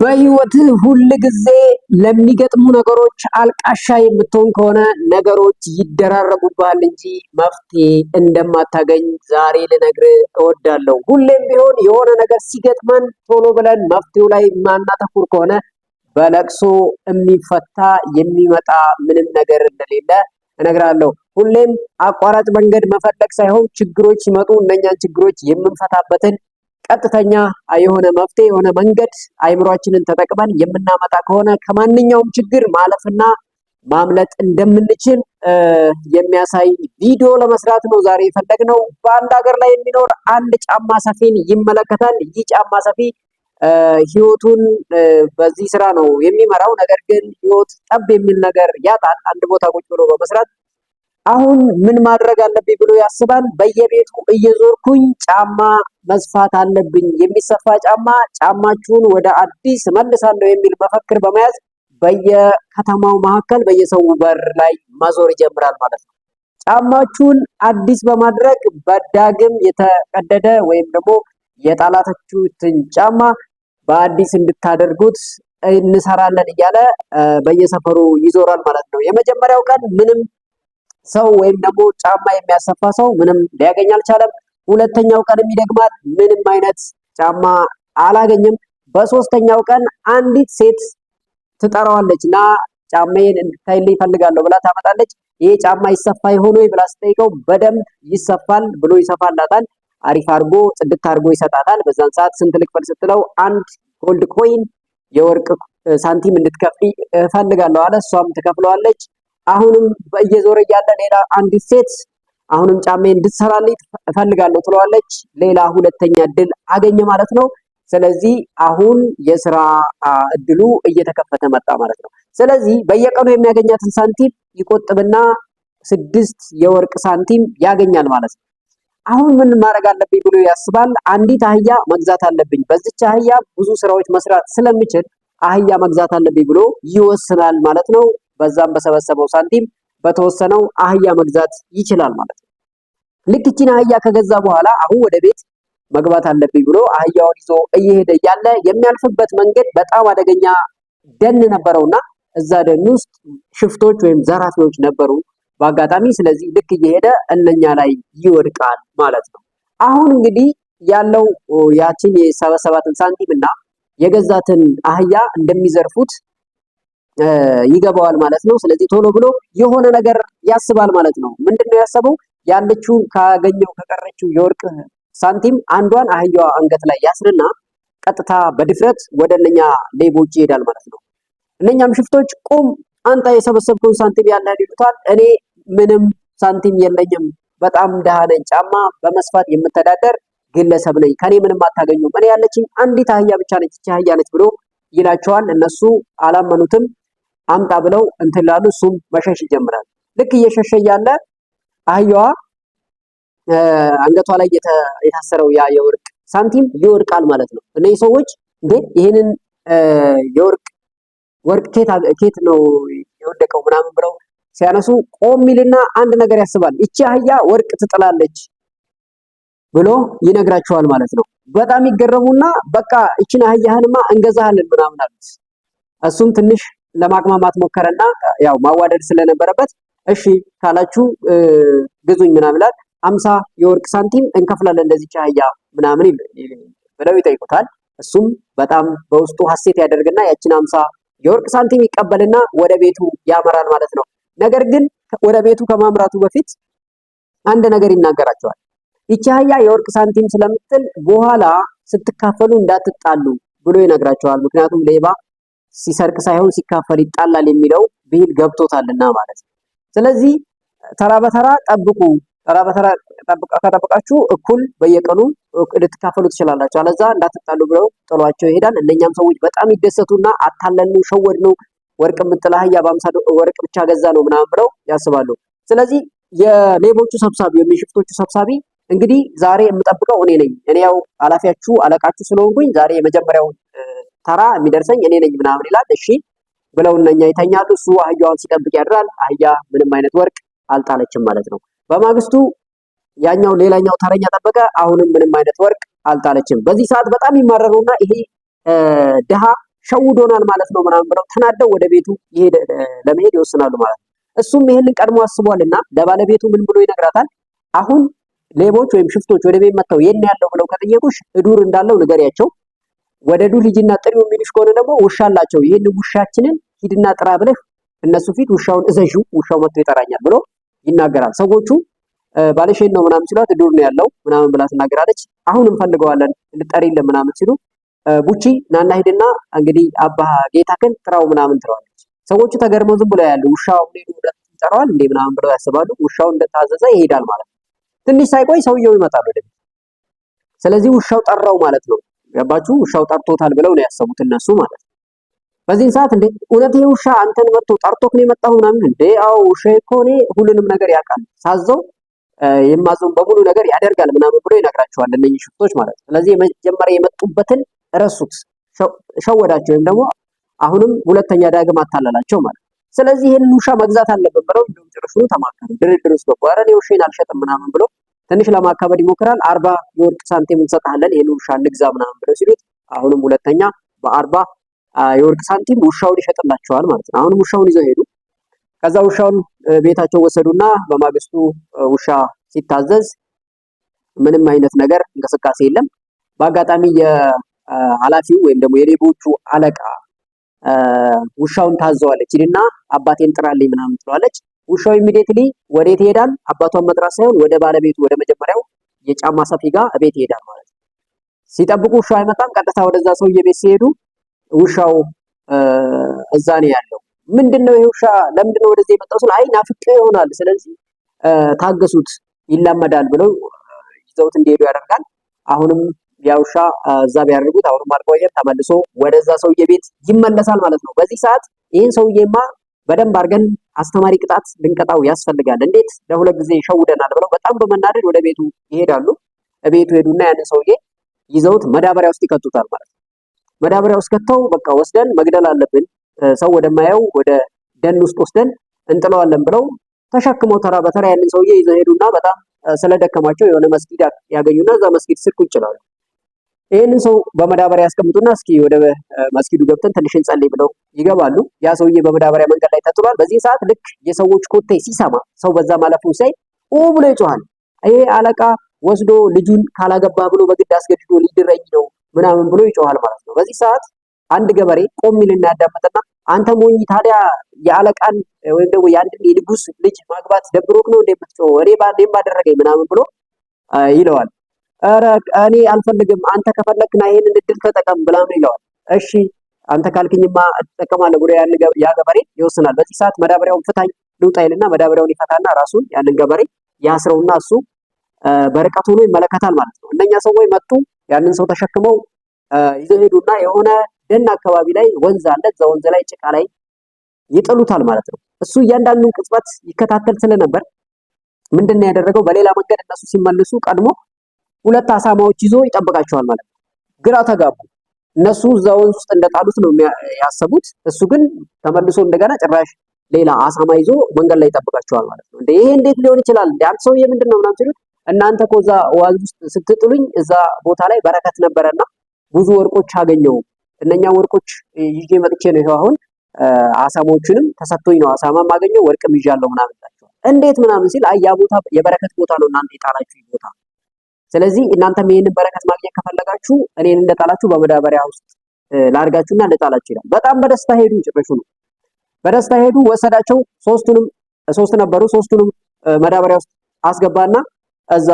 በህይወት ሁል ጊዜ ለሚገጥሙ ነገሮች አልቃሻ የምትሆን ከሆነ ነገሮች ይደራረቡብሃል እንጂ መፍትሄ እንደማታገኝ ዛሬ ልነግርህ እወዳለሁ። ሁሌም ቢሆን የሆነ ነገር ሲገጥመን ቶሎ ብለን መፍትሄው ላይ ማናተኩር ከሆነ በለቅሶ የሚፈታ የሚመጣ ምንም ነገር እንደሌለ እነግራለሁ። ሁሌም አቋራጭ መንገድ መፈለግ ሳይሆን ችግሮች ሲመጡ እነኛን ችግሮች የምንፈታበትን ቀጥተኛ የሆነ መፍትሄ የሆነ መንገድ አይምሯችንን ተጠቅመን የምናመጣ ከሆነ ከማንኛውም ችግር ማለፍና ማምለጥ እንደምንችል የሚያሳይ ቪዲዮ ለመስራት ነው ዛሬ የፈለግነው። በአንድ ሀገር ላይ የሚኖር አንድ ጫማ ሰፊን ይመለከታል። ይህ ጫማ ሰፊ ህይወቱን በዚህ ስራ ነው የሚመራው። ነገር ግን ህይወት ጠብ የሚል ነገር ያጣል። አንድ ቦታ ቁጭ ብሎ በመስራት አሁን ምን ማድረግ አለብኝ ብሎ ያስባል። በየቤቱ እየዞርኩኝ ጫማ መስፋት አለብኝ፣ የሚሰፋ ጫማ ጫማችሁን ወደ አዲስ መልሳለሁ የሚል መፈክር በመያዝ በየከተማው መካከል በየሰው በር ላይ ማዞር ይጀምራል ማለት ነው። ጫማችሁን አዲስ በማድረግ በዳግም የተቀደደ ወይም ደግሞ የጣላታችሁትን ጫማ በአዲስ እንድታደርጉት እንሰራለን እያለ በየሰፈሩ ይዞራል ማለት ነው። የመጀመሪያው ቀን ምንም ሰው ወይም ደግሞ ጫማ የሚያሰፋ ሰው ምንም ሊያገኝ አልቻለም። ሁለተኛው ቀን የሚደግማት ምንም አይነት ጫማ አላገኝም። በሶስተኛው ቀን አንዲት ሴት ትጠራዋለች እና ጫማዬን እንድታይልኝ ይፈልጋለሁ ብላ ታመጣለች። ይሄ ጫማ ይሰፋ ይሆን ወይ ብላ ስጠይቀው በደንብ ይሰፋል ብሎ ይሰፋላታል። አሪፍ አድርጎ ጽድት አድርጎ ይሰጣታል። በዛን ሰዓት ስንት ልክፈል ስትለው አንድ ጎልድ ኮይን የወርቅ ሳንቲም እንድትከፍይ እፈልጋለሁ አለ። እሷም ትከፍለዋለች። አሁንም እየዞረ እያለ ሌላ አንዲት ሴት አሁንም ጫሜ እንድትሰራልኝ እፈልጋለሁ ትለዋለች። ሌላ ሁለተኛ እድል አገኘ ማለት ነው። ስለዚህ አሁን የስራ እድሉ እየተከፈተ መጣ ማለት ነው። ስለዚህ በየቀኑ የሚያገኛትን ሳንቲም ይቆጥብና ስድስት የወርቅ ሳንቲም ያገኛል ማለት ነው። አሁን ምን ማድረግ አለብኝ ብሎ ያስባል። አንዲት አህያ መግዛት አለብኝ፣ በዚች አህያ ብዙ ስራዎች መስራት ስለምችል አህያ መግዛት አለብኝ ብሎ ይወስናል ማለት ነው። በዛም በሰበሰበው ሳንቲም በተወሰነው አህያ መግዛት ይችላል ማለት ነው። ልክ አህያ ከገዛ በኋላ አሁን ወደ ቤት መግባት አለብኝ ብሎ አህያውን ይዞ እየሄደ እያለ የሚያልፍበት መንገድ በጣም አደገኛ ደን ነበረውና እዛ ደን ውስጥ ሽፍቶች ወይም ዘራፊዎች ነበሩ በአጋጣሚ። ስለዚህ ልክ እየሄደ እነኛ ላይ ይወድቃል ማለት ነው። አሁን እንግዲህ ያለው ያችን የሰበሰባትን ሳንቲም እና የገዛትን አህያ እንደሚዘርፉት ይገባዋል ማለት ነው። ስለዚህ ቶሎ ብሎ የሆነ ነገር ያስባል ማለት ነው። ምንድነው ያሰበው? ያለችውን ካገኘው ከቀረችው የወርቅ ሳንቲም አንዷን አህያዋ አንገት ላይ ያስርና ቀጥታ በድፍረት ወደ እነኛ ሌቦች ይሄዳል ማለት ነው። እነኛም ሽፍቶች ቁም፣ አንተ የሰበሰብከውን ሳንቲም ያለህ ይሉታል። እኔ ምንም ሳንቲም የለኝም፣ በጣም ደሃ ነኝ፣ ጫማ በመስፋት የምተዳደር ግለሰብ ነኝ፣ ከኔ ምንም አታገኙም፣ እኔ ያለችኝ አንዲት አህያ ብቻ ነች፣ ይህች አህያ ነች ብሎ ይላቸዋል። እነሱ አላመኑትም። አምጣ ብለው እንትን ላሉ እሱም መሸሽ ይጀምራል። ልክ እየሸሸ እያለ አህያዋ አንገቷ ላይ የታሰረው ያ የወርቅ ሳንቲም ይወርቃል ማለት ነው። እነዚህ ሰዎች እንዴ ይህንን የወርቅ ወርቅ ኬት ነው የወደቀው ምናምን ብለው ሲያነሱ ቆም ይልና አንድ ነገር ያስባል። ይቺ አህያ ወርቅ ትጥላለች ብሎ ይነግራቸዋል ማለት ነው። በጣም ይገረሙና በቃ ይችን አህያህንማ እንገዛሃለን ምናምን አሉት። እሱም ትንሽ ለማቅማማት ሞከረና ያው ማዋደድ ስለነበረበት እሺ ካላችሁ ግዙኝ ምናምን ይላል። አምሳ የወርቅ ሳንቲም እንከፍላለን እንደዚህ አህያ ምናምን ብለው ይጠይቁታል። እሱም በጣም በውስጡ ሀሴት ያደርግና ያችን አምሳ የወርቅ ሳንቲም ይቀበልና ወደ ቤቱ ያመራል ማለት ነው። ነገር ግን ወደ ቤቱ ከማምራቱ በፊት አንድ ነገር ይናገራቸዋል። ይቺ አህያ የወርቅ ሳንቲም ስለምትል በኋላ ስትካፈሉ እንዳትጣሉ ብሎ ይነግራቸዋል። ምክንያቱም ሌባ ሲሰርቅ ሳይሆን ሲካፈል ይጣላል የሚለው ብሂል ገብቶታልና ማለት ነው። ስለዚህ ተራ በተራ ጠብቁ። ተራ በተራ ከጠብቃችሁ እኩል በየቀኑ ልትካፈሉ ትችላላችሁ። አለዛ እንዳትጣሉ ብለው ጥሏቸው ይሄዳል። እነኛም ሰዎች በጣም ይደሰቱና አታለልን፣ ሸወድ ነው ወርቅ የምጥል በአምሳ ወርቅ ብቻ ገዛ ነው ምናምን ብለው ያስባሉ። ስለዚህ የሌቦቹ ሰብሳቢ ወይም የሽፍቶቹ ሰብሳቢ እንግዲህ ዛሬ የምጠብቀው እኔ ነኝ፣ እኔ ያው ኃላፊያችሁ አለቃችሁ ስለሆንኩኝ ዛሬ የመጀመሪያውን ተራ የሚደርሰኝ እኔ ነኝ ምናምን ይላል። እሺ ብለው እነኛ ይተኛሉ። እሱ አህያዋን ሲጠብቅ ያድራል። አህያ ምንም አይነት ወርቅ አልጣለችም ማለት ነው። በማግስቱ ያኛው ሌላኛው ተረኛ ጠበቀ። አሁንም ምንም አይነት ወርቅ አልጣለችም። በዚህ ሰዓት በጣም ይማረሩና ይሄ ድሃ ሸውዶናል ማለት ነው ምናምን ብለው ተናደው ወደ ቤቱ ለመሄድ ይወስናሉ ማለት ነው። እሱም ይህንን ቀድሞ አስቧልና ለባለቤቱ ምን ብሎ ይነግራታል? አሁን ሌቦች ወይም ሽፍቶች ወደ ቤት መጥተው የት ነው ያለው ብለው ከጠየቁሽ እዱር እንዳለው ንገሪያቸው ወደ ዱ ልጅና ጥሪው የሚልሽ ከሆነ ደግሞ ውሻ አላቸው። ይህን ውሻችንን ሂድና ጥራ ብለህ እነሱ ፊት ውሻውን እዘዥው፣ ውሻው መጥቶ ይጠራኛል ብሎ ይናገራል። ሰዎቹ ባለሽን ነው ምናምን ሲሏት ዱር ነው ያለው ምናምን ብላ ትናገራለች። አሁን እንፈልገዋለን ልጠሪልን ምናምን ሲሉ ቡቺ ናና ሂድና እንግዲህ አባ ጌታክን ጥራው ምናምን ትለዋለች። ሰዎቹ ተገርመው ዝም ብለው ያሉ ውሻው ይጠራዋል እንዴ ምናምን ብለው ያስባሉ። ውሻው እንደታዘዘ ይሄዳል ማለት ነው። ትንሽ ሳይቆይ ሰውየው ይመጣል ወደ ስለዚህ ውሻው ጠራው ማለት ነው። ገባችሁ? ውሻው ጠርቶታል ብለው ነው ያሰቡት እነሱ ማለት ነው። በዚህን ሰዓት እንዴ እውነት ይሄ ውሻ አንተን መጥቶ ጠርቶክ ነው የመጣው ምናምን እንዴ? አዎ ውሻ እኮ እኔ ሁሉንም ነገር ያውቃል፣ ሳዘው የማዘውን በሙሉ ነገር ያደርጋል ምናምን ብሎ ይነግራቸዋል እነኚህ ሽፍቶች ማለት ነው። ስለዚህ የመጀመሪያ የመጡበትን ረሱት፣ ሸወዳቸው፣ ወይም ደግሞ አሁንም ሁለተኛ ዳግም አታለላቸው ማለት ነው። ስለዚህ ይህንን ውሻ መግዛት አለብን ብለው እንደውም ተማከሩ። ድርድር ውስጥ ገቡ። ኧረ እኔ ውሻዬን አልሸጥም ምናምን ብሎ ትንሽ ለማካበድ ይሞክራል። አርባ የወርቅ ሳንቲም እንሰጥሃለን ይህን ውሻ ልግዛ ምናምን ብለው ሲሉት አሁንም ሁለተኛ በአርባ የወርቅ ሳንቲም ውሻውን ይሸጥላቸዋል ማለት ነው። አሁንም ውሻውን ይዘው ሄዱ። ከዛ ውሻውን ቤታቸው ወሰዱና በማግስቱ ውሻ ሲታዘዝ ምንም አይነት ነገር እንቅስቃሴ የለም። በአጋጣሚ የኃላፊው ወይም ደግሞ የሌቦቹ አለቃ ውሻውን ታዘዋለች። ሂድና አባቴን ጥራልኝ ምናምን ትለዋለች። ውሻው ኢሚዲየትሊ ወዴት ይሄዳል? አባቷን መጥራት ሳይሆን ወደ ባለቤቱ ወደ መጀመሪያው የጫማ ሰፊ ጋር ቤት ይሄዳል ማለት ነው። ሲጠብቁ ውሻው አይመጣም። ቀጥታ ወደዛ ሰውዬ ቤት ሲሄዱ ውሻው እዛ ነው ያለው። ምንድነው ይሄ ውሻ ለምንድነው ወደዚህ የመጣው? ስለ አይ ናፍቄ ይሆናል፣ ስለዚህ ታገሱት ይላመዳል ብለው ይዘውት እንዲሄዱ ያደርጋል። አሁንም ያ ውሻ እዛ ቢያደርጉት አሁንም አልቆየም፣ ተመልሶ ወደዛ ሰውዬ ቤት ይመለሳል ማለት ነው። በዚህ ሰዓት ይህን ሰውዬማ በደንብ አድርገን አስተማሪ ቅጣት ልንቀጣው ያስፈልጋል። እንዴት ለሁለት ጊዜ ይሸውደናል ብለው በጣም በመናደድ ወደ ቤቱ ይሄዳሉ። ቤቱ ሄዱና ያንን ሰውዬ ይዘውት መዳበሪያ ውስጥ ይከቱታል ማለት ነው። መዳበሪያ ውስጥ ከተው በቃ ወስደን መግደል አለብን፣ ሰው ወደማየው ወደ ደን ውስጥ ወስደን እንጥለዋለን ብለው ተሸክመው ተራ በተራ ያንን ሰውዬ ይዘው ሄዱና በጣም ስለደከማቸው የሆነ መስጊድ ያገኙና እዛ መስጊድ ስር ቁጭ ይላሉ። ይህንን ሰው በመዳበሪያ ያስቀምጡና እስኪ ወደ መስጊዱ ገብተን ትንሽ እንጸልይ ብለው ይገባሉ። ያ ሰውዬ በመዳበሪያ መንገድ ላይ ተጥሏል። በዚህ ሰዓት ልክ የሰዎች ኮቴ ሲሰማ ሰው በዛ ማለፉ ሳይ ኡ ብሎ ይጮሃል። ይሄ አለቃ ወስዶ ልጁን ካላገባ ብሎ በግድ አስገድዶ ሊድረኝ ነው ምናምን ብሎ ይጮሃል ማለት ነው። በዚህ ሰዓት አንድ ገበሬ ቆም ይልና ያዳምጥና አንተ ሞኝ ታዲያ የአለቃን ወይም ደግሞ የአንድን የንጉስ ልጅ ማግባት ደብሮክ ነው እንደምትጮ እኔ ባደረገኝ ምናምን ብሎ ይለዋል። ኧረ እኔ አልፈልግም፣ አንተ ከፈለግና ይህንን እድል ተጠቀም ብላ ነው ይለዋል። እሺ አንተ ካልክኝማ እጠቀማለሁ ብሎ ያ ገበሬ ይወስናል። በዚህ ሰዓት መዳበሪያውን ፍታኝ ልውጣ ይልና መዳበሪያውን ይፈታና ራሱን ያንን ገበሬ ያስረውና እሱ በርቀት ሆኖ ይመለከታል ማለት ነው። እነኛ ሰዎች መጡ፣ ያንን ሰው ተሸክመው ይዘው ሄዱና የሆነ ደን አካባቢ ላይ ወንዝ አለ። እዛ ወንዝ ላይ ጭቃ ላይ ይጥሉታል ማለት ነው። እሱ እያንዳንዱን ቅጽበት ይከታተል ስለነበር ምንድን ነው ያደረገው? በሌላ መንገድ እነሱ ሲመልሱ ቀድሞ ሁለት አሳማዎች ይዞ ይጠብቃቸዋል ማለት ነው። ግራ ተጋቡ። እነሱ እዛ ወንዝ ውስጥ እንደጣሉት ነው ያሰቡት። እሱ ግን ተመልሶ እንደገና ጭራሽ ሌላ አሳማ ይዞ መንገድ ላይ ይጠብቃቸዋል ማለት ነው። ይሄ እንዴት ሊሆን ይችላል? አንድ ሰውዬ ምንድን ነው ምናምን ሲሉት እናንተ እኮ እዛ ዋዝ ውስጥ ስትጥሉኝ እዛ ቦታ ላይ በረከት ነበረና ብዙ ወርቆች አገኘው። እነኛ ወርቆች ይዤ መጥቼ ነው ይሄው አሁን አሳማዎቹንም ተሰጥቶኝ ነው አሳማ አገኘው ወርቅም ይዣለሁ ምናምን እንዴት ምናምን ሲል አያ ቦታ የበረከት ቦታ ነው እናንተ የጣላችሁ ቦታ ስለዚህ እናንተም ይህንን በረከት ማግኘት ከፈለጋችሁ እኔን እንደጣላችሁ በመዳበሪያ ውስጥ ላድርጋችሁና እንደጣላችሁ ይላል። በጣም በደስታ ሄዱ። ጭራሹ ነው በደስታ ሄዱ። ወሰዳቸው። ሶስቱንም ሶስት ነበሩ። ሶስቱንም መዳበሪያ ውስጥ አስገባና እዛ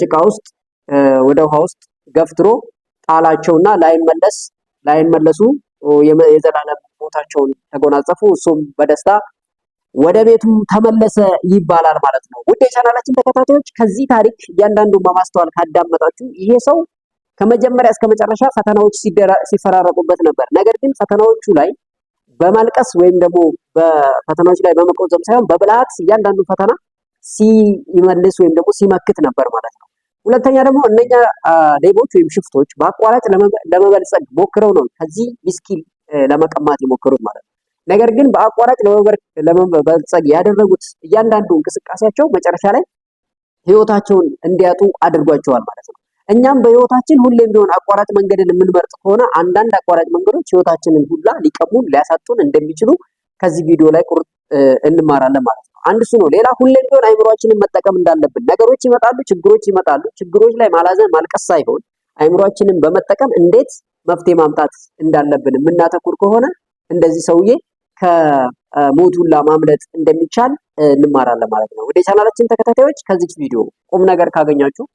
ጭቃ ውስጥ ወደ ውሃ ውስጥ ገፍትሮ ጣላቸውና ላይመለስ ላይመለሱ የዘላለም ሞታቸውን ተጎናጸፉ። እሱም በደስታ ወደ ቤቱ ተመለሰ ይባላል ማለት ነው። ውድ የቻናላችን ተከታታዮች ከዚህ ታሪክ እያንዳንዱን በማስተዋል ካዳመጣችሁ ይሄ ሰው ከመጀመሪያ እስከ መጨረሻ ፈተናዎች ሲፈራረቁበት ነበር። ነገር ግን ፈተናዎቹ ላይ በማልቀስ ወይም ደግሞ በፈተናዎች ላይ በመቆዘም ሳይሆን በብልሃት እያንዳንዱ ፈተና ሲመልስ ወይም ደግሞ ሲመክት ነበር ማለት ነው። ሁለተኛ ደግሞ እነኛ ሌቦች ወይም ሽፍቶች በአቋራጭ ለመበልጸግ ሞክረው ነው ከዚህ ሚስኪል ለመቀማት የሞከሩት ማለት ነው። ነገር ግን በአቋራጭ ለመበልጸግ ያደረጉት እያንዳንዱ እንቅስቃሴያቸው መጨረሻ ላይ ህይወታቸውን እንዲያጡ አድርጓቸዋል ማለት ነው። እኛም በህይወታችን ሁሌም ቢሆን አቋራጭ መንገድን የምንመርጥ ከሆነ አንዳንድ አቋራጭ መንገዶች ህይወታችንን ሁላ ሊቀሙን ሊያሳጡን እንደሚችሉ ከዚህ ቪዲዮ ላይ ቁርጥ እንማራለን ማለት ነው። አንድ እሱ ነው። ሌላ ሁሌም ቢሆን አይምሯችንን መጠቀም እንዳለብን፣ ነገሮች ይመጣሉ፣ ችግሮች ይመጣሉ። ችግሮች ላይ ማላዘን ማልቀስ ሳይሆን አይምሯችንን በመጠቀም እንዴት መፍትሄ ማምጣት እንዳለብን የምናተኩር ከሆነ እንደዚህ ሰውዬ ከሞቱላ ማምለጥ እንደሚቻል እንማራለን ማለት ነው። ወደ ቻናላችን ተከታታዮች ከዚህ ቪዲዮ ቁም ነገር ካገኛችሁ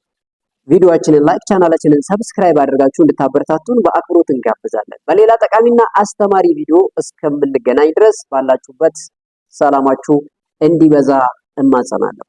ቪዲዮአችንን ላይክ፣ ቻናላችንን ሰብስክራይብ አድርጋችሁ እንድታበረታቱን በአክብሮት እንጋብዛለን። በሌላ ጠቃሚና አስተማሪ ቪዲዮ እስከምንገናኝ ድረስ ባላችሁበት ሰላማችሁ እንዲበዛ እማጸናለሁ።